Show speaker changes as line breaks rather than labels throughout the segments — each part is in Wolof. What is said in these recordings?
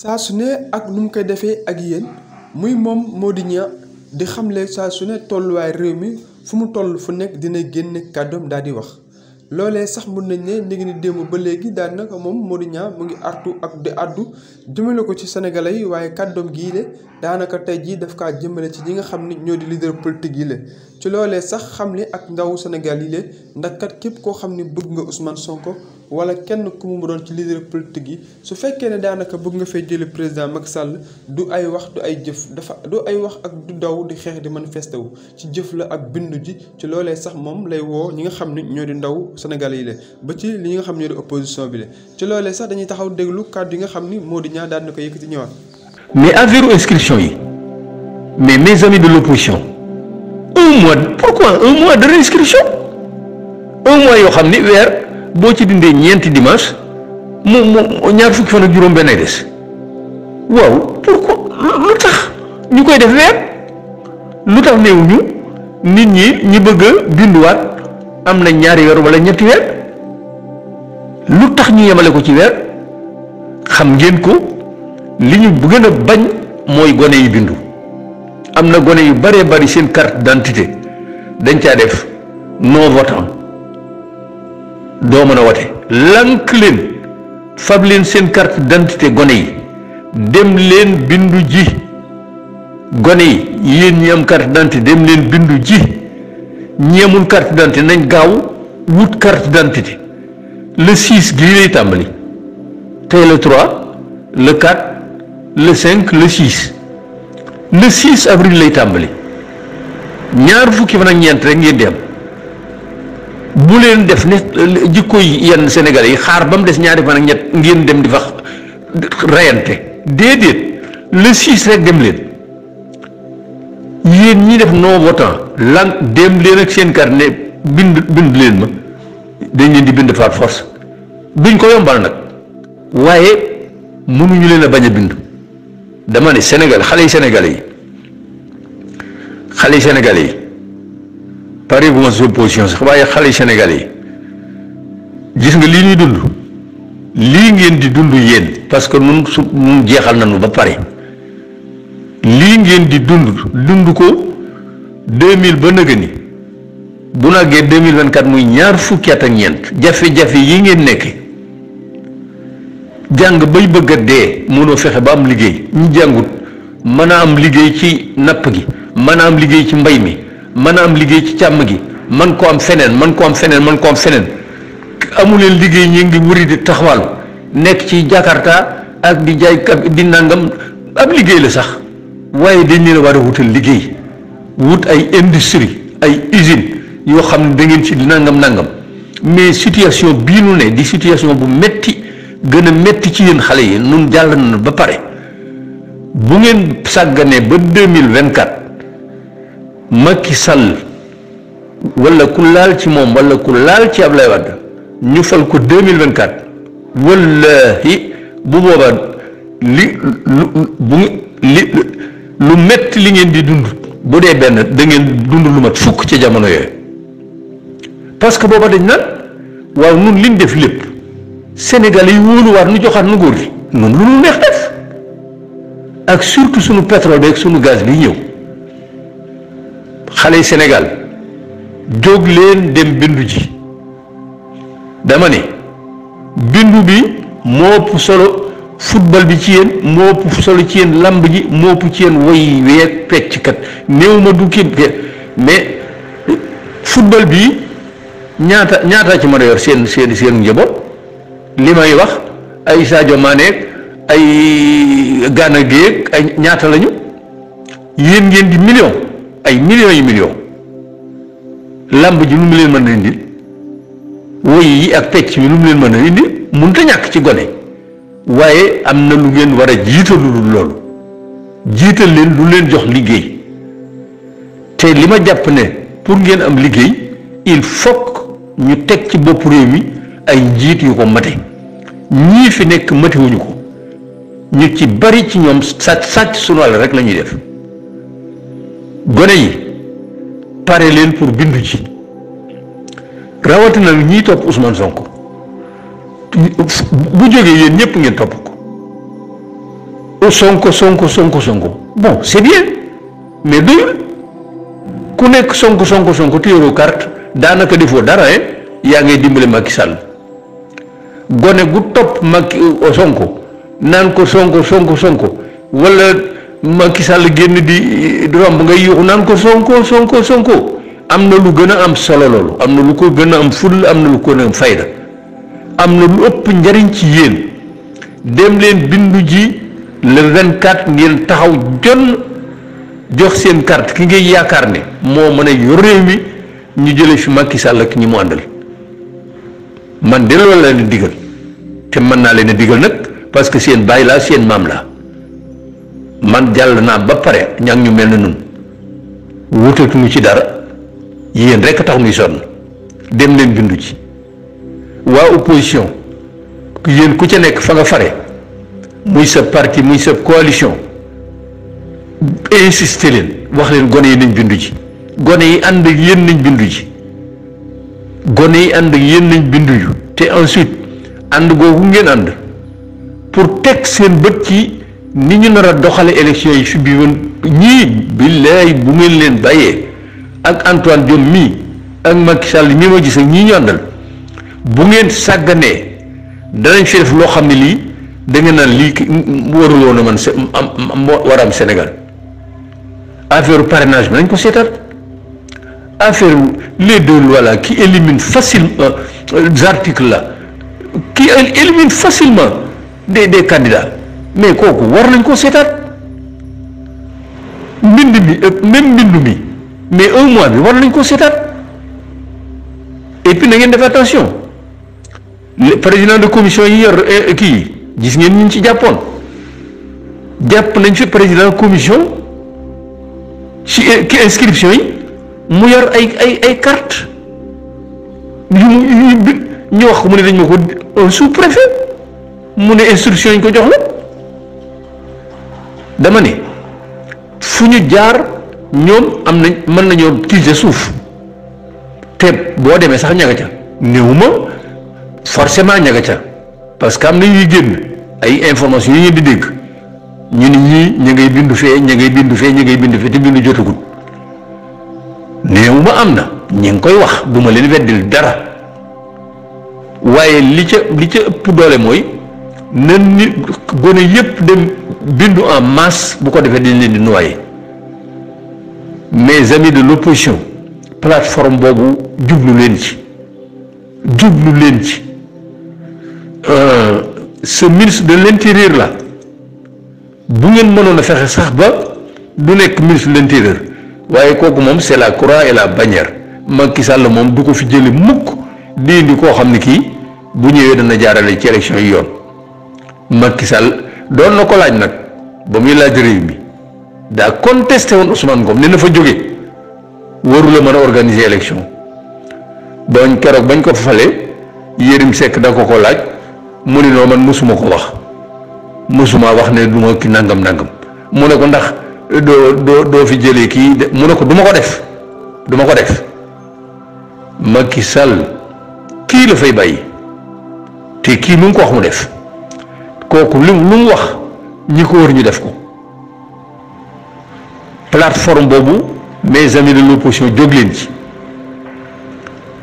saa su ne ak nu mu koy defee ak yéen muy moom Mody Niang di xamle saa su ne tolluwaay réew mi fu mu toll fu nekk dina génn kàddoom daal di wax loolee sax mun nañ ne ndigi ni démb ba léegi daanaka moom Mody Niang mu ngi artu ak di addu jëmale ko ci sénégalais waaye kàddoom gii de daanaka tey jii daf kaa jëmale ci ñi nga xam ne ñoo di leader politique yi la ci loolee sax xam li ak ndawu Sénégal yi la képp koo xam ne bëgg nga Ousmane Sonko wala kenn ku mu doon ci leader politique yi su fekkee ne daanaka bëgg nga fee jële président Macky Sall du ay wax du ay jëf dafa du ay wax ak du daw di xeex di manifester wu ci jëf la ak bindu ji ci loolee sax moom lay woo ñi nga xam ne ñoo di ndaw Sénégal yi la ba ci li nga xam ne ñoo di opposition bi la ci loolee sax dañuy taxaw déglu kàddu yi nga xam ni moo di ñaar daan na ko yëkkati ñëwaat.
mais affaire inscription yi mais mes amis de l'opposition un mois
pourquoi un mois
yoo xam ni weer. boo ci dindee ñeenti dimanche mu mu ñaar fukki fan juróom benn ay des waaw pourquoi
lu tax ñu koy def weer
lu tax néew nit ñi ñi bëgg a binduwaat am na ñaari weer wala ñetti weer lu tax ñu yemale ko ci weer xam ngeen ko li ñu gën a bañ mooy gone yu bindu am na gone yu baree bari seen carte d'identité dañ caa def non votant doo mën a wote lank leen fab leen seen carte d'identité gone yi dem leen bindu ji gone yi yéen ñi am carte d'identité dem leen bindu ji ñi amul carte d'identité nañ gaaw wut carte d'identité le 6 gii lay tàmbali tey le 3 le 4 le 5 le 6 le 6 avril lay tàmbali ñaar fukki fan ak ñeent rek ngeen di am bu leen def ne euh, jikko yenn Sénégalais yi xaar ba mu des ñaari fan ak ñett ngeen dem di fa reyante déedéet le six rek dem leen yéen ñi def non votant lan dem leen ak seen carnet bind bind leen ma dañ leen di bind par force duñ ko yombal nag waaye mënuñu leen a bañ a bind dama ne Sénégal xale yi Sénégalais yi xale yi Sénégalais yi. pare bu ma si opposition sax waaye xale Sénégal yi gis nga lii ñuy dund lii ngeen di dund yéen parce que nun su nun jeexal nañu ba pare lii ngeen di dund dund ko 2000 ba nëgë ni bu naggee 2024 muy ñaar fukki at ak ñeent jafe-jafe yi ngeen nekk jàng bay bëgg a dee mënoo fexe ba am liggéey ñu jàngut mën a am liggéey ci napp gi mën a am liggéey ci mbay mi mën a am liggéey ci càmm gi man ko am feneen man ko am feneen man ko am feneen amuleen liggéey ñi ngi wuri di taxawal nekk ci Jakarta ak di jaay kab di nangam ab liggéey la sax waaye dañ leen a war a wutal liggéey wut ay industrie ay usine yoo xam ne da ngeen ci nangam nangam mais situation bii nu ne di situation bu metti gën a metti ci yéen xale yi nun jàll na ba pare bu ngeen sàgganee ba deux mille vingt quatre Macky Sall wala ku laal ci moom wala ku laal ci Ablaye Wade ñu fal ko 2024 wallahi bu boobaa li lu bu li lu metti li ngeen di dund bu dee benn dangeen ngeen dund lu mat fukk ci jamono yooyu parce que booba dañ naan waaw nun liñ def lépp Sénégal yi wóoluwaat nu joxaat nu góor gi noonu lu nu neex def ak surtout sunu pétrole bi ak sunu gaz bi ñëw xale yi senegal jóg leen dem bindu ji dama ne bindu bi moo ëpp solo football bi ci yéen moo ëpp solo ci yéen lamb ji moo ëpp ci yéen woy weeg pecc kat néew ma du kii mais football bi ñaata ñaata ci mën a yor seen seen seen li may wax ay Sadio Mané ay gaana Gueye ay ñaata lañu yéen ngeen di million. ay millions yu millions làmb ji lu mu leen mën na indi woy yi ak pecc mi lu mu leen mën na indi mënut a ñàkk ci gone waaye am na lu ngeen war a jiitalul loolu jiital leen lu leen jox liggéey te li ma jàpp ne pour ngeen am liggéey il faut ñu teg ci bopp réew mi ay njiit yu ko mate ñii fi nekk matewuñu ko ñu ci bari ci ñoom sàcc sàcc sunu alal rek lañuy def gone yi pare leen pour bindu ci rawatina ñiy topp Ousmane Sonko bu jógee yéen ñëpp ngeen topp ko Sonko Sonko Sonko Sonko bon c'est bien mais doyul ku nekk Sonko Sonko Sonko te yoroo carte daanaka defoo dara yaa ngay dimbale Macky Sall gone gu topp Macky Sonko naan ko Sonko Sonko Sonko wala. Macky Sall génn di romb ngay yuuxu naan ko Sonko Sonko Sonko am na lu gën a am solo loolu am na lu ko gën a am ful am na lu ko gën am fayda am na lu ëpp njariñ ci yéen dem leen bindu ji le ngeen taxaw jonn jox seen carte ki ngay yaakaar ne moo mën a yor réew mi ñu jëlee fi Macky Sall ak ñi mu àndal man de loolu la leen digal te mën naa leen a digal nag parce que seen bàyyi laa seen maam laa man jàll naa ba pare ña ñu mel na nun wutatuñu ci dara yéen rekk tax nuy sonn dem leen bindu ci waa opposition yéen ku ca nekk fa nga fare muy sa parti muy sa coalition insister leen wax leen gone yi nañ bindu ci gone yi ànd ak yéen nañ bindu ci gone yi ànd ak yéen nañ bindu ju te ensuite ànd googu ngeen ànd pour teg seen bët ci ni ñu nar a doxale élection yi fi bi woon ñii billaay bu ngeen leen bàyyee ak Antoine Diome ak Macky Sall mii ma gis ak ñii ñu àndal bu ngeen sàgganee danañ fi loo xam ne lii da ngeen naan lii warul woon a man am war am Sénégal affaire parrainage bi nañ ko seetaat affaire les deux lois là qui élimine facilement euh, articles là qui élimine facilement des des candidats mais kooku war nañ ko seetaat mbind mi euh, même mbind mi mais un mois bi war nañ ko seetaat et puis na ngeen def attention le président de commission yi yor euh, kii gis ngeen ñu ci jàppoon jàpp nañ fi président commission ci euh, ki inscription yi mu yor ay ay ay carte yu ñu ñu wax mu ne dañ ma ko un sous-préfet mu ne instruction yi ñu ko jox la dama ne fu ñu jaar ñoom am na mën nañoo tiise suuf te boo demee sax ñaga ca néew ma forcément ñaga ca parce que am na ñuy génn ay information yi ngeen di dégg ñu ni ñii ña ngay bindu fee ña ngay bindu fee ña bindu fee te bindu jotagul néew ma am na ñi ngi koy wax bu ma leen weddil dara waaye li ca li ca ëpp doole mooy nan nit gone yépp dem bindu en masse bu ko defee dañ leen di noyé mais amis de l'opposition plateforme boobu jublu leen ci jublu leen ci euh, ce ministre de l'intérieur la bu ngeen mënoon a fexe sax ba du nekk minis de l'intérieur waaye kooku moom c'est la croix et la bannière Macky Sall moom du ko fi jële mukk di indi koo xam ne kii bu ñëwee dana jaarale ci élection yi yoon Macky doon na ko laaj nag ba muy laaj réew mi daa contesté woon Ousmane Ngom ne na fa jóge waru la mën a organiser élection bañ keroog bañ ko falee Yérim Seck da ko ko laaj mu ne noo man mosuma ko wax mosuma wax ne du ma ki nangam nangam mu ne ko ndax doo doo doo fi jëlee kii mu ne ko du ma ko def du ma ko def Macky Sall kii la fay bàyyi te kii mu ngi ko wax mu def. kooku lu lu mu wax ñi ko wër ñu def ko plateforme boobu mes amis de l'opposition jóg leen ci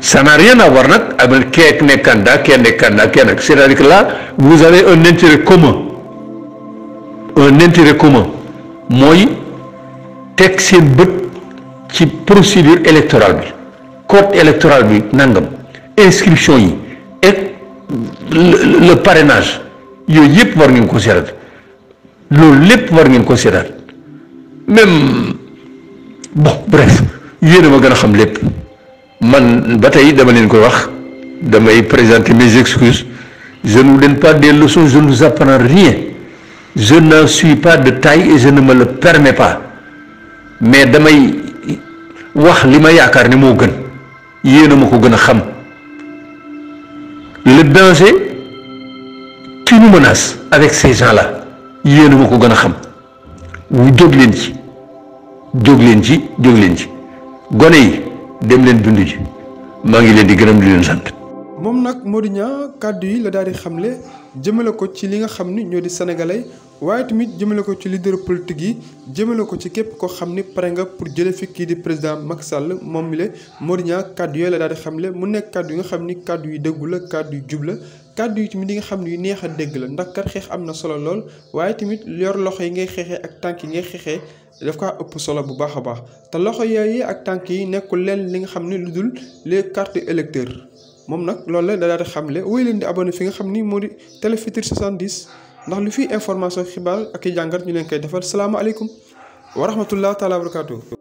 ça n'a rien à nag avec kee nekk candidat kee nekk candidat kee nekk c'est-à-dire que là vous avez un intérêt commun un intérêt commun mooy teg seen bët ci procédure électoral bi code électoral bi nangam inscription yi et le parrainage yooyu yëpp war ngeen ko seetal loolu lépp war ngeen ko seetal même bon bref yéen ma gën a xam lépp man ba tey dama leen ko wax damay présenter mes excuses je ne vous donne pas des leçons je ne vous apprends rien je n'en suis pas de taille et je ne me le permets pas mais damay wax li ma yaakaar ne moo gën yéen a ma ko gën a xam le danger. nous menace avec ces gens-là ma ko gën a xam wu jóg leen ci jóg leen ci jóg leen ci gone yi dem leen dund ji maa ngi leen di gërëm di leen sant.
moom nag Modou Niang kàddu yi la daal di xamle jëmale ko ci li nga xam ni ñoo di sénégalais waaye tamit jëmale ko ci leader politique yi jëmale ko ci képp koo xam ni pare nga pour jële fi kii di président Macky Sall moom mi la Modou kàddu yooyu la daal di xamle mu nekk kàddu yi nga xam ni kàddu yi dëggu la kàddu yu jub la kàddu yi tamit di nga xam ne yu neex a dégg la ndax kat xeex am na solo lool waaye tamit yor loxo yi ngay xeexee ak tànk yi ngay xeexee daf kaa ëpp solo bu baax a baax te loxo yooyu ak tànk yi nekkul leen li nga xam ne lu dul les cartes électeurs moom nag loolu la daal xam xamle wéy leen di abon fi nga xam ni moo di Télé Futur 70 ndax lu fi information xibaar ak jàngat ñu leen koy defar salaamaaleykum wa rahmatullah taala